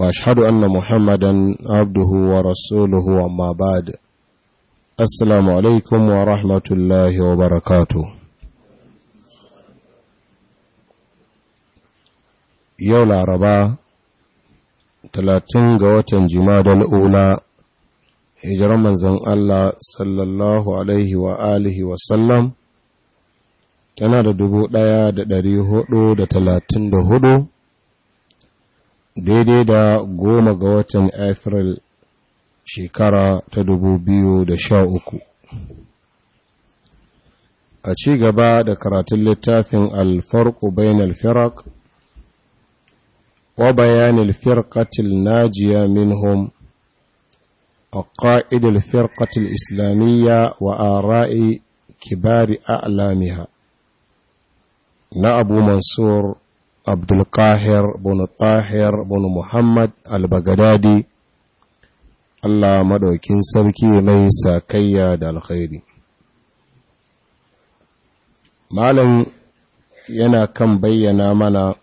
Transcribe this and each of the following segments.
واشهد ان محمدا عبده ورسوله وما بعد السلام عليكم ورحمه الله وبركاته yau laraba 30 ga watan jimadal ula hijirar manzon Allah sallallahu alaihi wa alihi wa sallam tana da 1434 daidai da goma ga watan Afril shekara ta dubu biyu da sha uku. A ci gaba da karatun littafin alfarƙu bayan alfirak, wa bayanin firkatil najiya minhum, a ƙa'idar firkatil islamiyya wa ara'i kibari a'lamiha na abu mansur abdulkahir bin tahir bin muhammad al-bagadadi allah maɗaukin sarki mai sakayya da alkhairi malam yana kan bayyana mana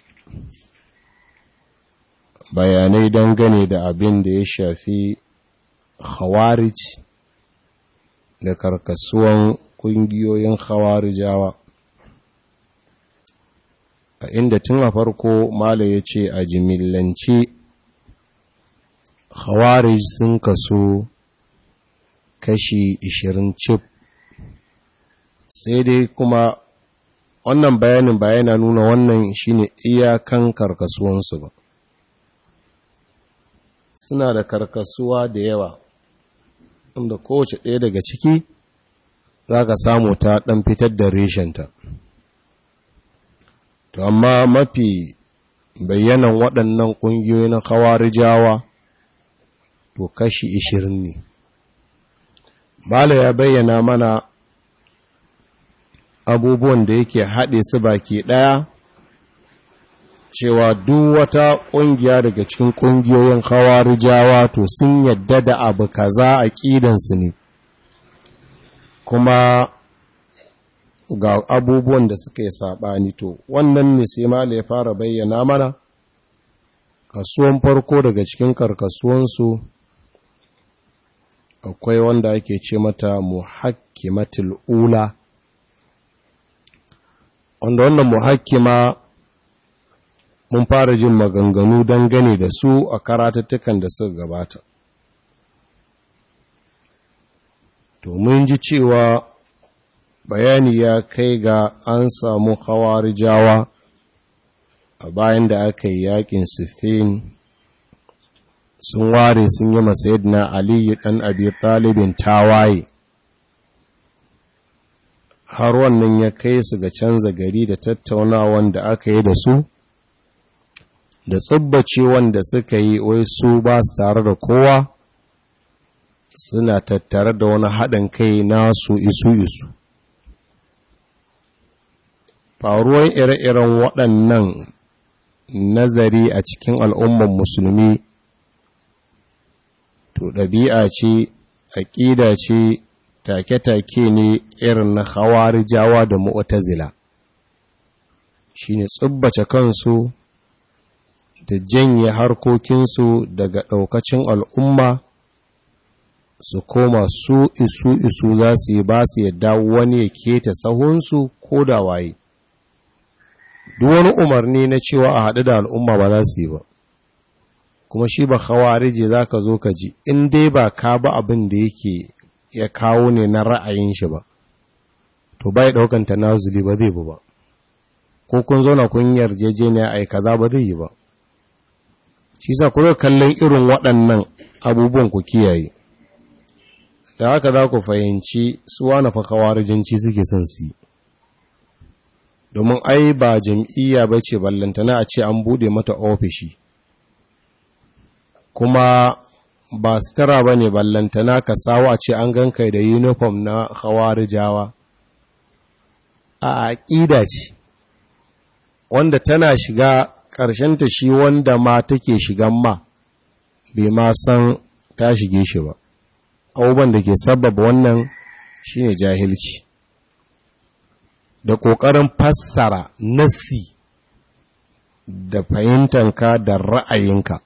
bayanai dangane da abin da ya shafi khawarij da karkasuwan ƙungiyoyin khawarijawa a inda tun a farko mala ya ce a jimillance khawarij sun kaso kashi 20 cip, sai dai kuma wannan bayanin ba yana nuna wannan shi shine iyakan karkasuwansu ba suna da karkasuwa da yawa inda kowace ɗaya daga ciki za ka samu ta ɗan fitar da reshenta to amma mafi bayyanan waɗannan ƙungiyoyi na kawarijawa to kashi ishirin ne bala ya bayyana mana abubuwan da yake haɗe su baki ɗaya cewa duk wata ƙungiya daga cikin ƙungiyoyin kawarijawa to sun yadda da abu kaza a ƙidansu ne kuma ga abubuwan da suka yi saɓani to wannan ne sai mala ya fara bayyana mana kasuwan farko daga cikin karkasuwansu akwai wanda ake ce mata muhakkimatul ula wanda wannan muhakkima mun fara jin maganganu dangane da su a karatattukan da suka gabata to mun ji cewa bayani ya kai ga an samu hawarijawa a bayan da aka yi yakin sifin sun ware sun yi na aliyu ɗan abi talibin tawaye har wannan ya kai su ga canza gari da tattaunawan da aka yi da su da tsubbaci wanda suka yi wai su ba su tare da kowa suna tattare da wani haɗin kai nasu isu-isu faruwar ire-iren waɗannan nazari a cikin al'ummar musulmi to ɗabi'a ce aƙida ce take-take ne irin na jawa da mu'utazila shi ne tsubbace kansu da janye harkokinsu daga ɗaukacin al'umma su koma su isu isu za su yi ba su yadda wani ya keta sahunsu ko da waye duk wani umarni na cewa a haɗu da al'umma ba za su yi ba kuma shi ba khawarije za ka zo ka ji in dai ba ka ba abin da yake ya kawo ne na ra'ayin shi ba to bai ɗaukan tanazuli ba zai bu ba ko kun zauna kun yarjejeniya a kaza ba zai yi ba shi sa kuma kallon irin waɗannan abubuwan ku kiyaye da haka za ku fahimci su na fa suke son su yi domin ai ba jam'iyya ba ce ballantana a ce an bude mata ofishi kuma ba sutura ba ne ballantana ka sawo a ce an kai da uniform na jawa a aƙida ce wanda tana shiga ƙarshenta shi wanda ma take shigan ma bai ma san ta shige shi ba abubuwan da ke sababa wannan shi ne jahilci da ƙoƙarin fassara nasi da fahimtanka da ra'ayinka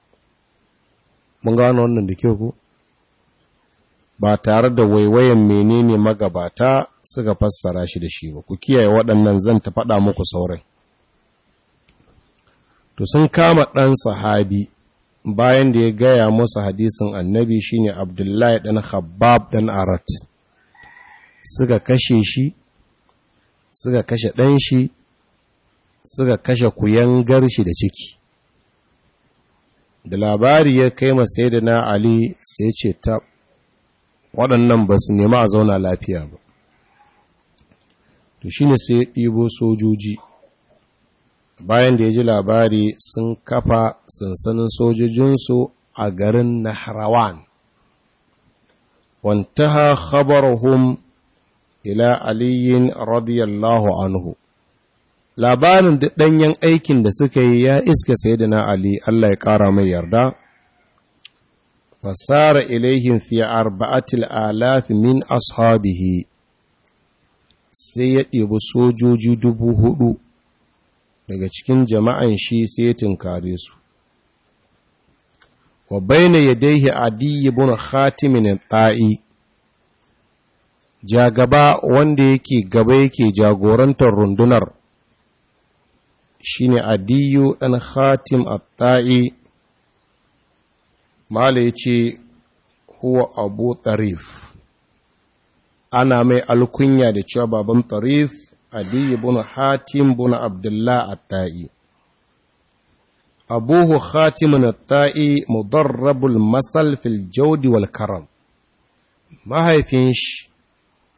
mun gano wannan da kyau ku ba tare da waiwayen menene magabata suka fassara shi da shi ba ku kiyaye waɗannan zan ta faɗa muku sauran to sun kama ɗan sahabi bayan da ya gaya musu hadisin annabi shine abdullahi ɗan habab ɗan arat suka kashe shi suka kashe ɗan shi suka kashe kuyangar shi da ciki da labari ya kai masai da na ali sai ce ta waɗannan ba su nema a zauna lafiya ba to shi ne sai ya ɗibo sojoji bayan da ya ji labari sun kafa sansanin sojojinsu a garin wanta ha khabarahum ila aliyin radiyallahu anhu labarin da ɗanyen aikin da suka yi ya iska sayyidina ali Allah ya ƙara mai yarda fasara ilaihin fi arba'atil alaf min ashabihi sai ya ɗibi sojoji dubu hudu daga cikin jama'an shi sai ya tinkare su wa baina yadayhi adi ibn khatimin ta'i jagaba wanda yake gaba yake jagorantar rundunar shine adiyu ɗan khatim at-ta'i mala yace huwa abu tarif ana mai alkunya da cewa baban tarif adiyu ibn Khatim, ibn abdullah at-ta'i أبوه خاتم mudarrabul masal fil jawd wal karam mahaifin shi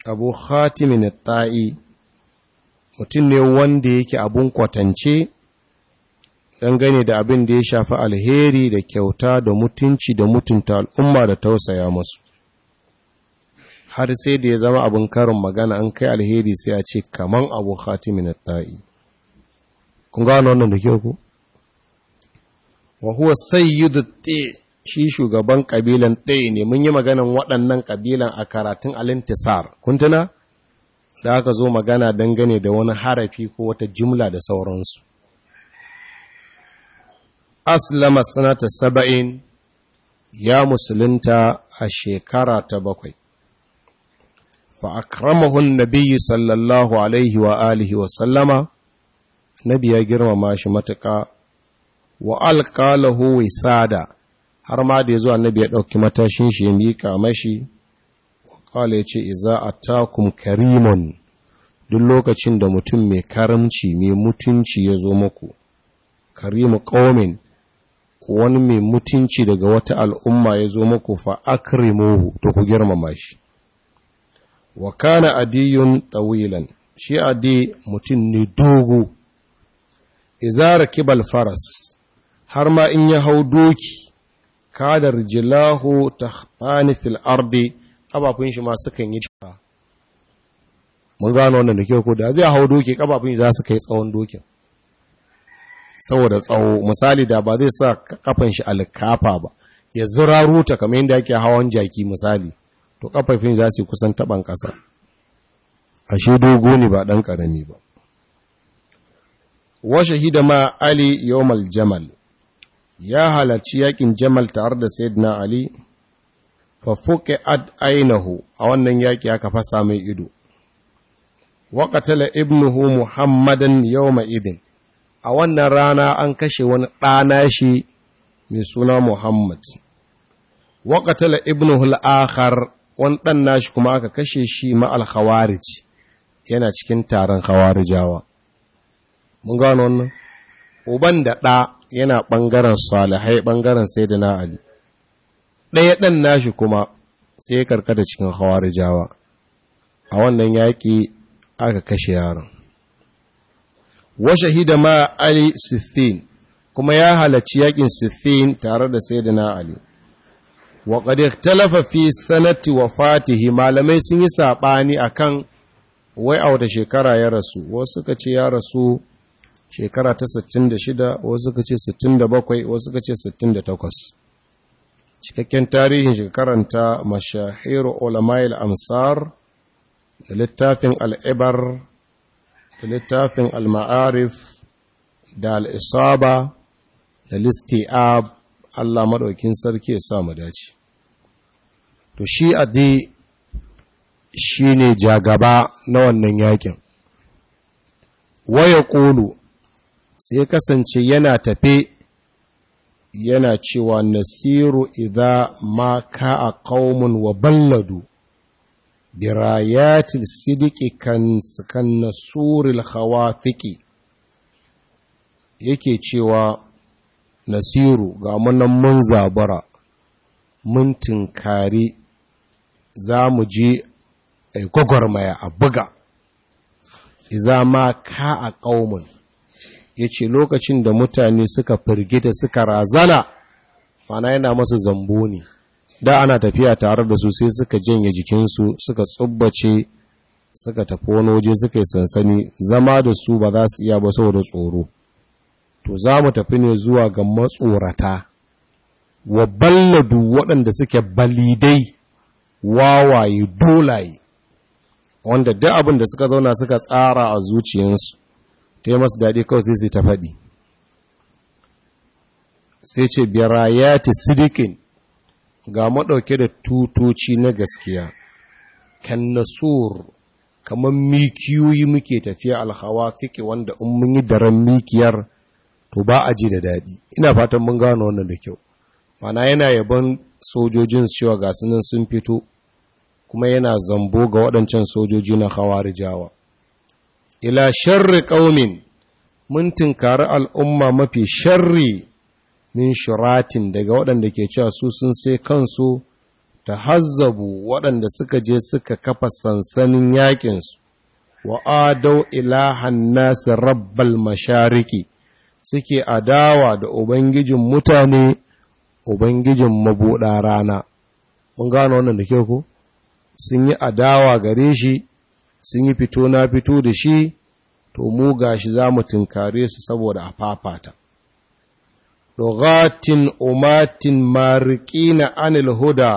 abu khatimin ta'i mutum ne wanda yake abun kwatance dangane da abin da ya shafi alheri da kyauta da mutunci da mutunta al'umma da tausaya masu har sai da ya zama abin karin magana an kai alheri sai a ce kaman abu khatimin ta'i kun gano wannan da kyau ku wa huwa sayyidu ta'i shi shugaban ƙabilan ɗaya ne mun yi maganan waɗannan kabilan a karatun alintisar kuntuna da aka zo magana dangane da wani harafi ko wata jimla da sauransu aslama sanata saba'in ya musulunta a shekara ta bakwai fa akramahun nabiyyu sallallahu alaihi wa alihi wa sallama nabi ya girmama shi matuƙa wa alƙalahu sada. har ma da ya zo annabi ya ɗauki matashin shi ya miƙa mashi kawai ya ce iza a takum karimon duk lokacin da mutum mai karamci mai mutunci ya zo maku karimu ƙaumin wani mai mutunci daga wata al'umma ya zo maku fa akrimuhu to ku girmama shi wa kana adiyun tawilan shi adi mutum ne dogo izara kibal faras har ma in ya hau doki kadar jilahu hannu fil ardi kafafun shi ma sukan yi jika mun gano wannan da kyau ko da zai hau doki kafafun za su kai tsawon dokin saboda tsawo misali da ba zai sa kafan shi alkafa ba ya zira ruta kamar yadda yake hawan jaki misali to kafafun za su kusan taban kasa ashe dogo ne ba dan karami ba wa shahida ma ali yawmal jamal ya halarci yakin jamal tare da sayyidina ali fa ad ainahu a wannan yaki aka fasa mai ido wa qatala ibnuhu muhammadan yawma idin a wannan rana an kashe wani ɗana shi mai suna muhammad wa qatala ibnuhu al wani ɗan nashi kuma aka kashe shi ma'al khawarij yana cikin taron khawarijawa mun gano wannan uban da ɗa yana ɓangaren salihai ɓangaren sai da na'ali ɗaya ɗan nashi kuma sai ya karkata cikin hawar jawa a wannan yaƙi aka kashe yaron wa shahida ma ali Sifin kuma ya halarci yaƙin Sifin tare da sai da na'ali wa ƙadda talafa fi sanati wa fatihi malamai sun yi saɓani akan wai a wata shekara ya rasu wasu ka ce ya rasu shekara ta 66 wasu ka ce 67 wasu ka ce 68 cikakken tarihin shi karanta mashahiru ulamail amsar da littafin al'ibar da littafin al-ma'arif da al'isaba da listi'ab Allah maɗaukin sarki ya sa mu dace to shi adi shi ne jagaba na wannan yakin waya ƙolu sai kasance yana tafe yana cewa nasiru idha ma ka a ƙaumin wa balladu birayatil sidiki kan kan nasuril khawafiki yake cewa nasiru ga munan mun zabara mun tinkari za mu je gwagwarmaya a buga iza ma ka a ƙaumin ya ce lokacin da mutane suka firgita suka razana mana yana masu zambo ne da ana tafiya tare da su sai suka janye jikinsu suka tsubbace suka tafi wani waje suka yi sansani zama da su ba za su iya ba saboda tsoro to za mu tafi ne zuwa ga matsorata wa balladu waɗanda suke balidai wawaye dolaye wanda duk abin da suka zauna suka tsara a zuciyarsu. ta yi masu daɗi kawai zai zai ta faɗi sai ce ta sidikin ga maɗauke da tutoci na gaskiya kan nasur kamar mikiyoyi muke tafiya alhawa fiƙe wanda in mun yi daren mikiyar to ba a ji da daɗi ina fatan mun gano wannan da kyau mana yana yaban sojojin cewa ga sun fito kuma yana zambo ga waɗancan sojoji na hawa hawarijawa ila sharri ƙaumin mun tunkari al'umma mafi sharri min shiratin daga waɗanda ke cewa su sun sai kansu ta hazzabu waɗanda suka je suka kafa sansanin yaƙinsu wa adau ilahan nasi rabbal mashariki suke adawa da ubangijin mutane ubangijin mabuɗa rana mun gano wannan da ke ko sun yi adawa gare shi sun yi fito na fito da shi to mu ga shi za mu tunkare su saboda a fafata Dogatin umatin na anil huda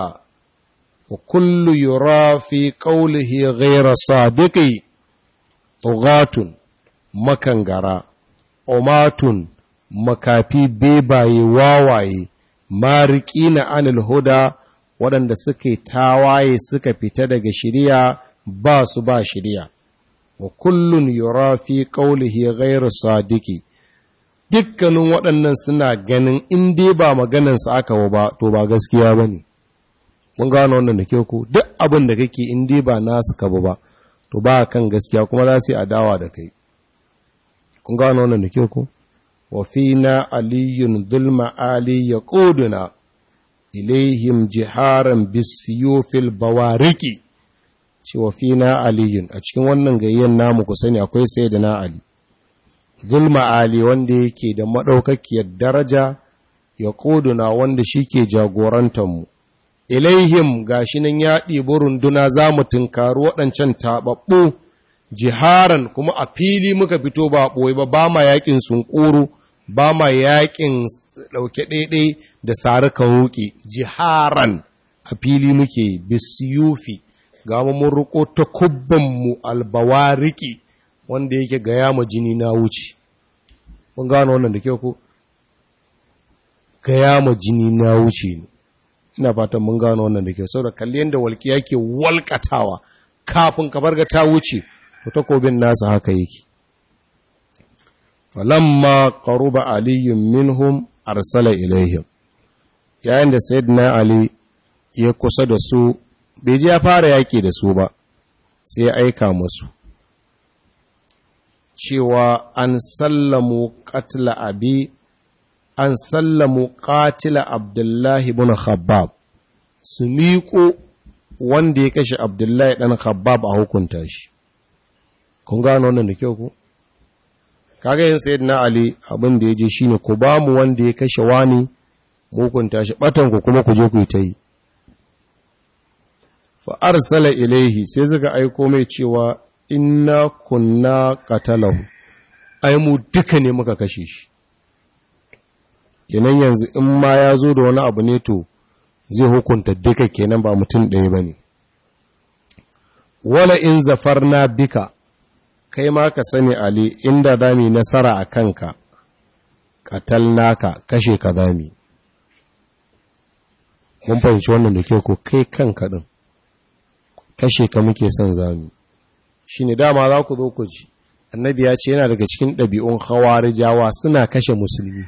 wa kullu yura fi qawlihi ghayra sadiqi lughatun makangara umatun makafi bebaye wawaye mariki na anil huda waɗanda suka tawaye suka fita daga shirya ba su ba shirya wa kullun yura fi qawlihi ghairu sadiki dukkanin waɗannan suna ganin in dai ba maganansa aka wa ba to ba gaskiya ne. mun gano wannan da ke ku duk abin da kake in dai ba nasu ka ba to ba kan gaskiya kuma za su yi adawa da kai kun gano wannan da ke ku wa na aliyun dhulma ali ƙuduna, ilayhim jiharan bisiyofil bawariki cewa fina aliyun a cikin wannan gayyen namu ku sani akwai sai da na ali gulma ali wanda yake da maɗaukakiyar daraja ya ƙuduna wanda shi ke jagorantanmu. ilaihim shi nan ya ɗibi runduna za mu tunkari waɗancan taɓaɓɓu jiharan kuma a fili muka fito ba ɓoye ba ba ma yaƙin sunkuru ba ma yaƙin ɗauke ɗaiɗai da sari wuƙi jiharan a fili muke bisiyufi ga mun ruko ta kubbanmu albawariki wanda yake ga yama jini na wuce mun gano wannan da kyau ko ga yama jini na wuce ne ina fatan mun gano wannan da kyau saboda kalli yadda walki yake walkatawa kafin ka ga ta wuce to takobin nasa haka yake falamma qaruba aliyyun minhum arsala ilaihim yayin da na ali ya kusa da su bai ji ya fara yaƙi da su ba sai ya aika musu cewa an sallamu katila abi an sallamu katila abdullahi bin khabbab su miƙo wanda ya kashe abdullahi ɗan khabbab a hukunta shi kun gano wannan da kyau ku kaga yin sayid na ali abin da ya je shine ku ba mu wanda ya kashe wani hukunta shi batan kuma ku je ku yi ta yi fa arsala ilaihi sai suka aiko mai cewa inna kunna katalahu ai mu duka ne muka kashe shi kenan yanzu in ma ya zo da wani abu ne to zai hukunta duka kenan ba mutum ɗaya ba ne wala in zafar na bika kai ma ka sani ali inda dami nasara a kanka katal naka kashe ka dami mun fahimci wannan da ke ko kai kanka din kashe ka muke son zamu shi ne dama za ku zo ku ji annabi ya ce yana daga cikin ɗabi'un hawarijawa suna kashe musulmi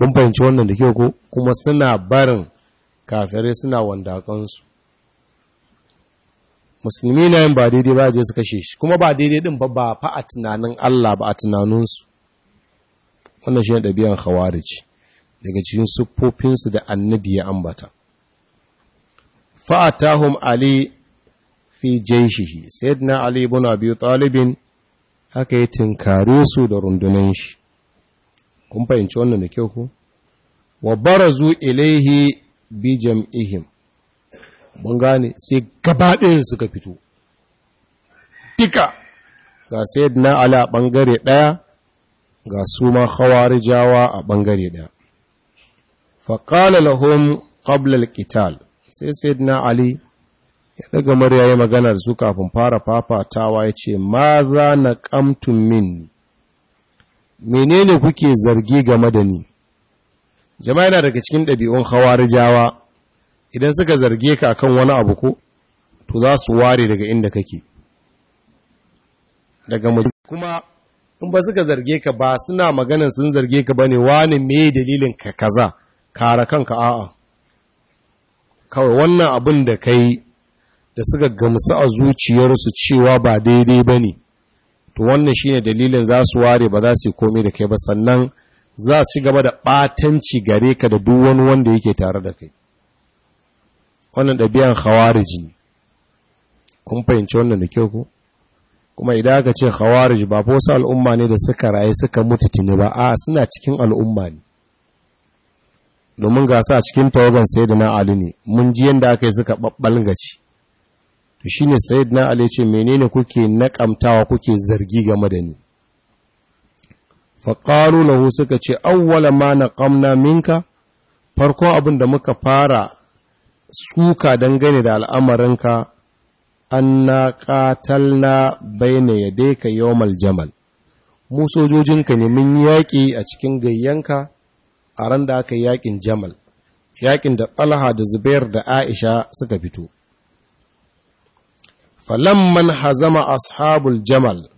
mun fahimci wannan da ke ku. kuma suna barin kafirai suna wandakansu musulmi na yin ba daidai ba je su kashe shi kuma ba daidai din ba ba fa a tunanin Allah ba a tunaninsu wannan shi ne ɗabi'an hawariji daga cikin siffofinsu da annabi ya ambata fa'atahum ali fi jaishihi sayyidina ali ibn abi talibin haka ya tinkare su da rundunan shi kun fahimci wannan da kyau ku wa barazu ilaihi bi jam'ihim mun gane sai gabaɗin suka fito duka ga sayyidina ali a bangare ɗaya ga su ma jawa a bangare ɗaya faqala lahum qabla ƙital sai saidina ali ya daga murya ya magana da su kafin fara fafatawa ya ce ma na kamtun min menene kuke zargi game da ni jama'a yana daga cikin ɗabi'un hawarijawa idan suka zarge ka kan wani abu ko to za su ware daga inda kake daga kuma in ba suka zarge ka ba suna maganin sun zarge ka bane wani me dalilin ka kaza Kara kanka a'a kawai wannan abin da kai da suka gamsu a zuciyarsu cewa ba daidai ba ne to wannan shine dalilin za su ware ba za su yi komai da kai ba sannan za su gaba da ɓatanci gare ka da duk wani wanda yake tare da kai wannan ɗabi'an khawarij ne kun fahimci wannan da kyau ko kuma idan aka ce khawarij ba wasu al'umma ne da suka raye suka mutu tuni ba a suna cikin al'umma ne domin gasa sa cikin tawagan sayyidina ali ne mun ji yanda aka yi suka gaci to shine sayyidina ali ce menene kuke nakamtawa kuke zargi game da ni faƙaru lahu suka ce awwala ma naqamna minka farko abin da muka fara suka dangane da al'amarinka an na na baina yadayka yawmal jamal mu sojojinka ne mun yaƙi a cikin gayyanka a ran da aka yi yaƙin jamal yaƙin da talha da zubair da aisha suka fito falamman hazama ashabul jamal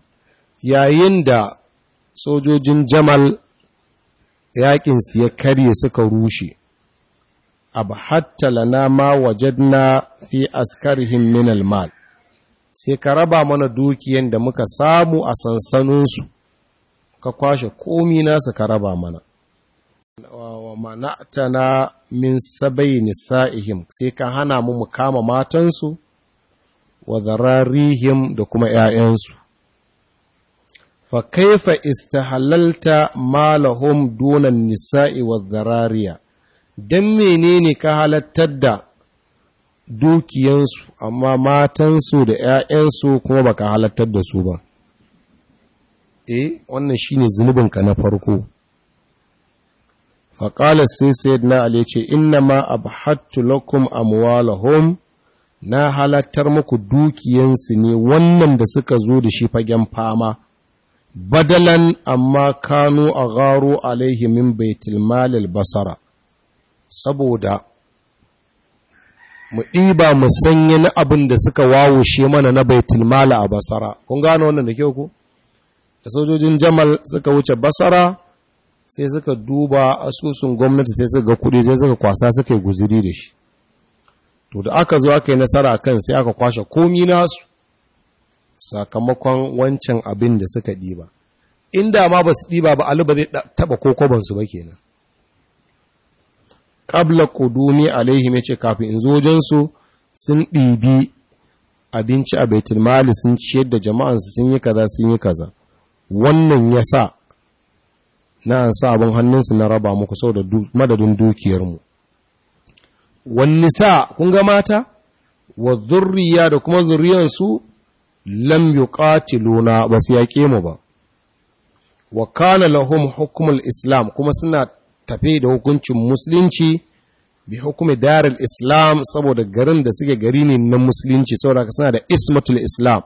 yayin da sojojin jamal yaƙinsu ya karye suka rushe abu na ma wajadna fi askarihim min mal sai ka raba mana dukiyan da muka samu a sansaninsu ka kwashe komi nasu ka raba mana wa mana'tana min sabai nisa'ihim sai ka hana mu mu kama matansu wa zararihim da kuma ‘ya'yansu. Fa kaifa istahalalta malahum dunan nisa'i wa zarariya, don menene ka halattar da dukiyansu amma matansu da ‘ya'yansu kuma baka halattar da su ba. eh wannan shi ne ka na farko. faƙalar sai sayyidina ali ce inna ma abhattu lakum amwalahum na halattar muku dukiyansu ne wannan da suka zo da shi fagen fama badalan amma kanu a gharu alaihi min baitul malil basara saboda mu ɗiba mu sanya na abin da suka wawushe mana na baitul mala a basara kun gano wannan da kyau ku da sojojin jamal suka wuce basara sai suka duba asusun gwamnati sai suka ga kuɗi sai suka kwasa suka guziri da shi to da aka zo aka yi nasara kan sai aka kwashe komi nasu sakamakon wancan abin da suka ɗiba inda ma ba su ɗiba ba alu ba zai taɓa kokobansu ba kenan ƙabla ƙudumi alaihim ya ce kafin in zo wajensu sun ɗibi abinci a baitul mali sun ciyar da jama'ansu sun yi kaza sun yi kaza wannan ya sa na sa abin hannunsu na raba muku sau da madadin dukiyarmu wani sa kun ga mata wa zurriya da kuma zurriyansu lam yuqatiluna ba su yaƙe mu ba wa kana lahum hukumul islam kuma suna tafe da hukuncin musulunci bi hukumi daril islam saboda garin da suke gari ne na musulunci saboda suna da ismatul islam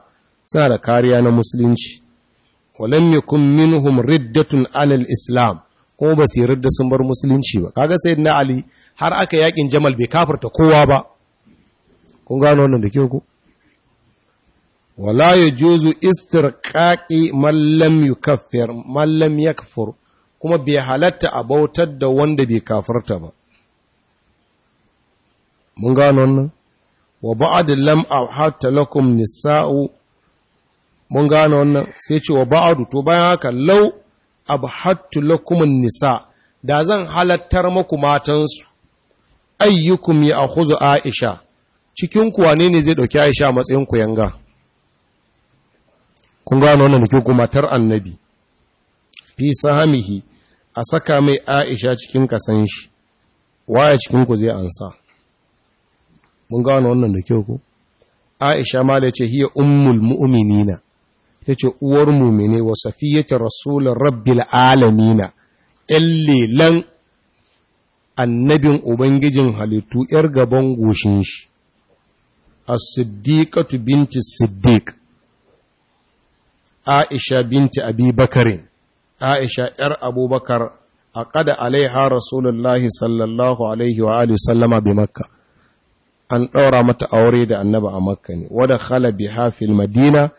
suna da kariya na musulunci walam yakun minhum riddatun alal islam ko ba su ridda sun bar musulunci ba kaga sayyidina ali har aka yakin jamal bai kafarta kowa ba kun gano wannan da kyau ku wala yajuzu istirqaqi man lam yukaffir man lam yakfur kuma bai halatta a bautar da wanda bai kafarta ba mun gano wannan wa ba'd lam ahata lakum nisa'u mun gane wannan sai ce wa ba'adu to bayan haka lau abhattu lakum nisa da zan halattar maku matansu ayyukum ya akhudhu aisha cikin ku wane ne zai dauki aisha matsayin ku yanga kun gane wannan ke ku matar annabi fi sahamihi a saka mai aisha cikin kasan shi waye cikin ku zai ansa mun gane wannan da kyau aisha ma da ce hiya ummul mu'minina ta ce uwar mumini wa safiyyata rasulun rabbil alamina ‘yan lelan annabin Ubangijin halittu ‘yar gaban goshin shi, a siddiƙatu binti siddiƙ, Aisha binti Abi Bakarin, Aisha ‘yar abubakar a ƙada alaiha Rasulullahi sallallahu Alaihi wa sallama bi Makka. An ɗaura mata aure da annaba a Makka ne, wadda khala biha fil Madina,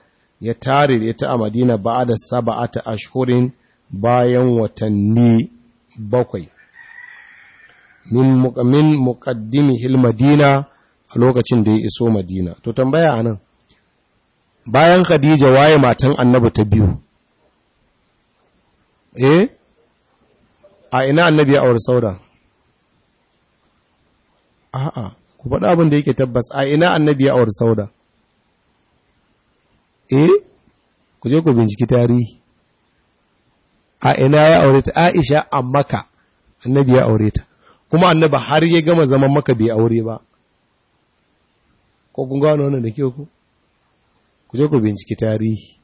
ya tare da ita a madina ba da ta ashirin bayan watanni bakwai min muqammin hil madina a lokacin da ya iso madina to tambaya anan bayan khadija waye matan annabi ta biyu eh a ina annabi ya auri sauda a'a ku faɗa abin da yake tabbas a ina annabi ya auri sauda eh ku je ku binciki tarihi a ina ya aure ta Aisha a Makka annabi ya aure ta kuma annabi har ya gama zaman Makka bai aure ba ko kun gano wannan da ke ku ku je ku binciki tarihi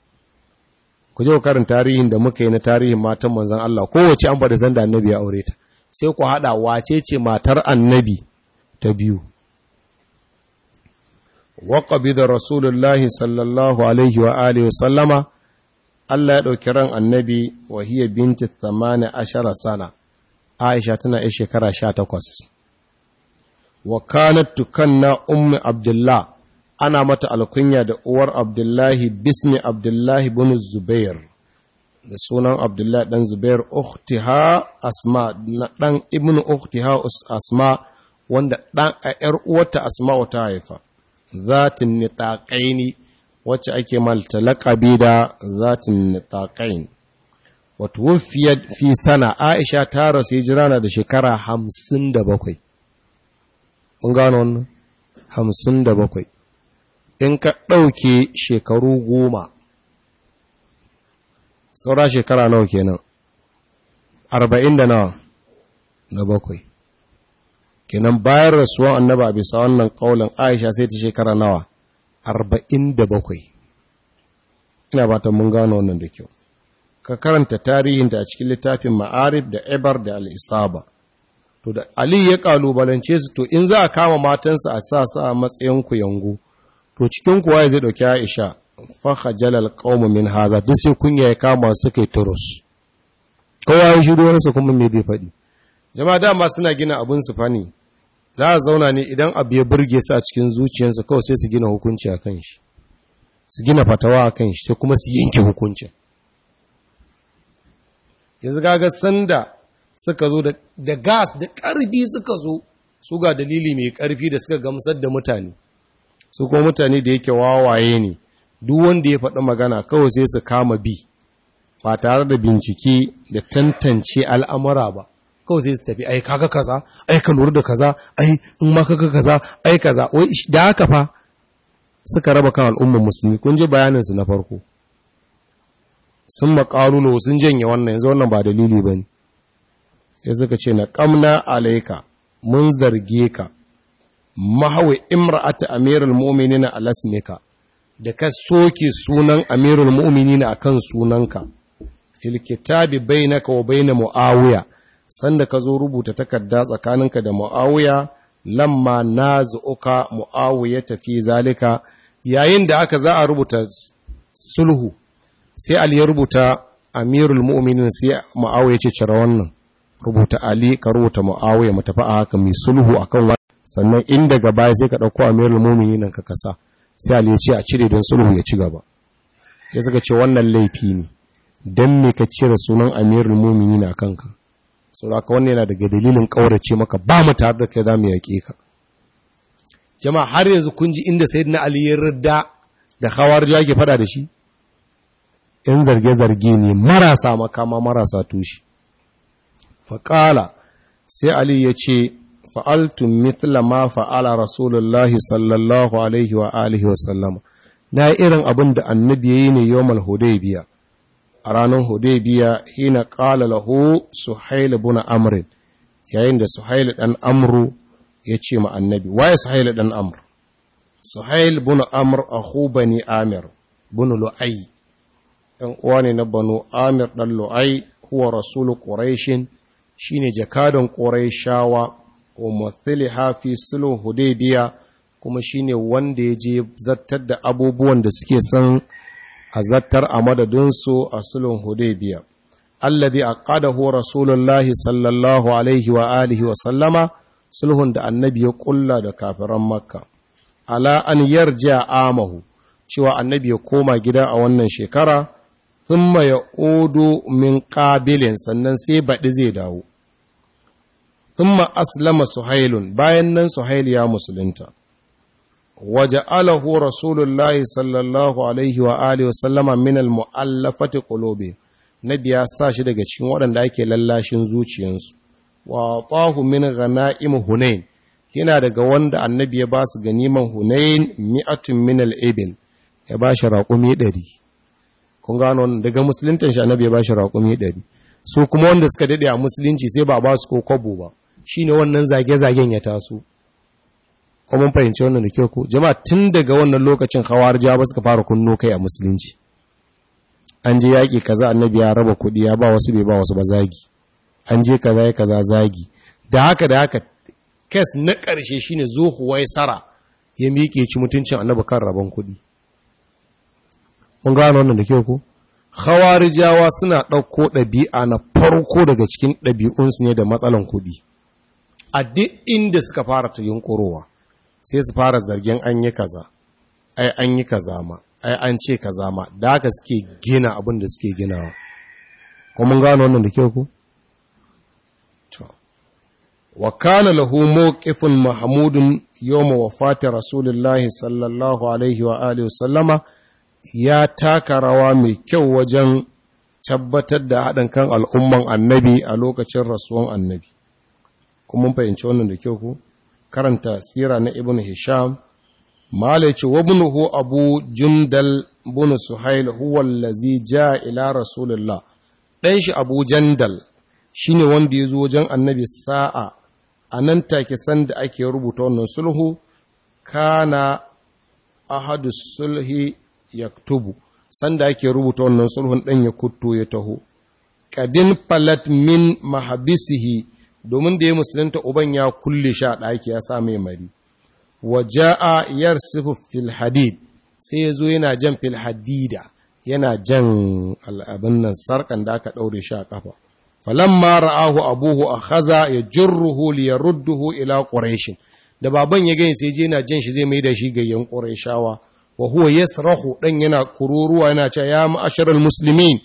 ku je ku karanta tarihin da muka yi na tarihin matan manzon Allah kowace an faɗi sanda annabi ya aure ta sai ku haɗa wace ce matar annabi ta biyu waƙabida da lahi sallallahu Alaihi wa Alihi Allah ya ɗauki ran annabi wa hiyya binta tsammanin ashara sana aisha tana ya shekara sha takwas wa kanar tukan na umar abdullahi ana mata alkunya da uwar abdullahi bismi abdullahi bin zubair da sunan abdullahi dan zubair ukhti ha asma na ɗan ibn ukhti ha asma wanda ɗan a ƴar uwata asma wata haifa zatin nitaƙaini wacce ake malta laƙabi da zatin nitaƙaini wato wufiya fi sana Aisha ta rasu hijira na da shekara hamsin da bakwai. mun gano wannan bakwai. in ka ɗauke shekaru goma saura shekara nawa kenan arba'in da nawa na bakwai kenan bayan rasuwan annaba a bisa wannan kaulin aisha sai ta shekara nawa 47 ina ba ta mun gano wannan da kyau ka karanta tarihin da a cikin littafin ma'arif da ibar da al'isaba to da ali ya kalubalance su to in za a kama matansa a sa su a matsayin ku yango to cikin kuwa ya zai ɗauki aisha faha jalal qaumu min haza duk sai kunya ya kama su kai turus kowa ya shiru kuma mai bai faɗi jama'a dama suna gina abin su fani za a zauna ne idan abu ya burge su a cikin zuciyarsa kawai sai su gina hukunci a kan shi su gina fatawa a kan shi sai kuma su yanke hukuncin yanzu gaga sanda suka zo da gas da ƙarfi suka zo su ga dalili mai ƙarfi da suka gamsar da mutane su kuma mutane da yake wawaye ne duk wanda ya faɗi magana kawai sai su kama bi ba tare da bincike da tantance al'amura ba kawai sai su tafi ai kaga kaza ai ka lura da kaza ai in ma kaga kaza ai kaza wai da haka fa suka raba kan al'ummar musulmi kun je bayanin su na farko sun maqalulo sun janye wannan yanzu wannan ba dalili bane sai suka ce na qamna alayka mun zarge ka mahawi imra'ati amirul mu'minina alasnika da ka soke sunan amirul mu'minina akan sunanka fil kitabi bainaka wa bain muawiya sanda ka zo rubuta takarda tsakaninka da mu'awiya lamma na zu'uka mu'awiya tafi zalika yayin da aka za a rubuta sulhu sai ali ya rubuta amirul mu'minin sai mu'awiya ce cire wannan rubuta ali ka rubuta mu'awiya mu tafi a haka mai sulhu akan wannan sannan in gaba sai ka dauko amirul mu'minin ka kasa sai ali ya ce a cire don sulhu ya ci gaba sai suka ce wannan laifi ne dan me ka cire sunan amirul mu'minin a kanka. sauraka wannan yana daga dalilin ƙaurace maka ba mu tare da kai za mu yaƙe ka jama'a har yanzu kun ji inda sayyidina ali ya rida da khawarija ke fada da shi yan zarge-zarge ne marasa makama marasa tushe. faƙala sai ali ya ce fa'altun mitla ma fa'ala rasulullah sallallahu alaihi wa alihi wasallama na irin abin da annabi ya yi ne yawon biya. a ranar Hudaybiya hina ƙala lahu haila buna amurin yayin da su haila ɗan Amru ya ce ma annabi waye Suhail dan haila buna ibn Amr akhu bani Amir buna lo'ai Ɗan uwa ne na Banu Amir ɗan lo'ai kuwa rasulu Quraysh shine jakadan ƙuraishawa wa mumathiliha hafi sulh Hudaybiya kuma shine wanda ya je zartar da abubuwan da suke san a a madadinsu a sulhun hudaybiya alladhi aqadahu rasulullahi sallallahu alaihi wa alihi wa sallama sulhun da annabi ya kulla da kafiran makka ala an yarja amahu cewa annabi ya koma gida a wannan shekara thumma ya odo min qabilin sannan sai baɗi zai dawo thumma aslama suhailun bayan nan suhail ya musulunta waja'alahu rasulullahi sallallahu alaihi wa alihi wasallama min almu'allafati qulubi nabi ya sa shi daga cikin waɗanda ake lallashin zuciyansu wa tahu min ghanaim hunain yana daga wanda annabi ya ba su ganiman hunain mi'atun min al-ibil ya ba shi raƙumi 100 kun gano wannan daga musulunta shi annabi ya ba shi raƙumi 100 su kuma wanda suka dade a musulunci sai ba ba su ko kobo ba shine wannan zage-zagen ya taso ko mun fahimci wannan da kyau ko jama'a tun daga wannan lokacin hawar ba suka fara kunno kai a musulunci an je yaƙi kaza annabi ya raba kuɗi ya ba wasu bai ba wasu ba zagi an je kaza ya kaza zagi da haka da haka kes na ƙarshe shine zo huwaisara ya miƙe ci mutuncin annabi kan rabon kuɗi mun gano wannan da kyau ko khawarijawa suna ɗauko ɗabi'a na farko daga cikin ɗabi'unsu ne da matsalan kuɗi a duk inda suka fara ta yunƙurowa sai su fara zargin an yi kaza ai an yi kaza ma ai an ce kaza ma da haka suke gina abin da suke ginawa ko mun gano wannan da kyau ku wa kana lahu mawqifun mahmudun yawma wafati rasulillahi sallallahu alaihi wa alihi wasallama ya taka rawa mai kyau wajen tabbatar da haɗin kan al'umman annabi a lokacin rasuwan annabi. Kuma mun fahimci wannan da kyau ku? karanta sira na ibn hisham mala ce wabnuhu abu jundal bunu suhail huwa allazi jaa ila rasulillah dan shi abu jandal shine wanda yazo wajen annabi sa'a anan take san da ake rubuta wannan sulhu kana ahadu sulhi yaktubu sanda ake rubuta wannan sulhun dan ya kutto ya taho kadin Palat min mahabisihi domin da ya musulunta uban ya kulle sha ɗaki ya sa mai mari wa ja'a yarsifu fil hadid sai ya zo yana jan filhadida, yana jan al'abin nan sarkan da aka ɗaure ƙafa. Falon ƙafa falamma ra'ahu abuhu haza ya jirruhu li rudduhu ila quraish da baban ya gani sai je yana jan shi zai mai da shi gayyan qurayshawa wa huwa yasrahu ɗan yana kururuwa yana cewa ya ma'ashirar musulmi,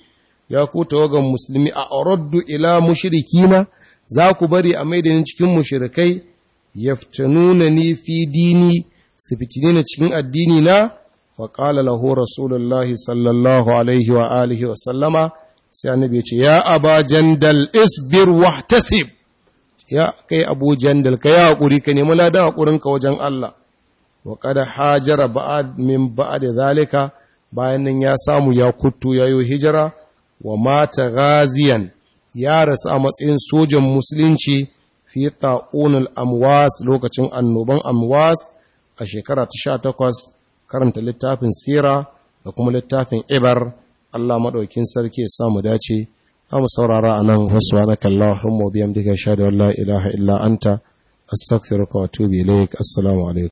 ya ku tawagan muslimi a araddu ila mushrikina za ku bari a maida ni cikin mushrikai yaftanuna ni fi dini su fitine ni cikin addini na wa qala lahu rasulullahi sallallahu alaihi wa alihi wa sallama sai annabi ya ce ya aba jandal isbir wahtasib ya kai abu jandal ka ya hakuri ka nemi ladan hakurin ka wajen Allah wa qad hajara min min ba'd zalika bayan nan ya samu ya kuttu yi hijira wa mata gaziyan ya rasu a matsayin sojan musulunci fi ta'unul amwas lokacin annoban amwas a shekara ta sha takwas, karanta littafin sira da kuma littafin ibar Allah maɗaukin sarki ya samu dace amma saurara anan nan allahumma wa bihamdika ashhadu an ilaha illa anta astaghfiruka wa atubu ilaik assalamu alaikum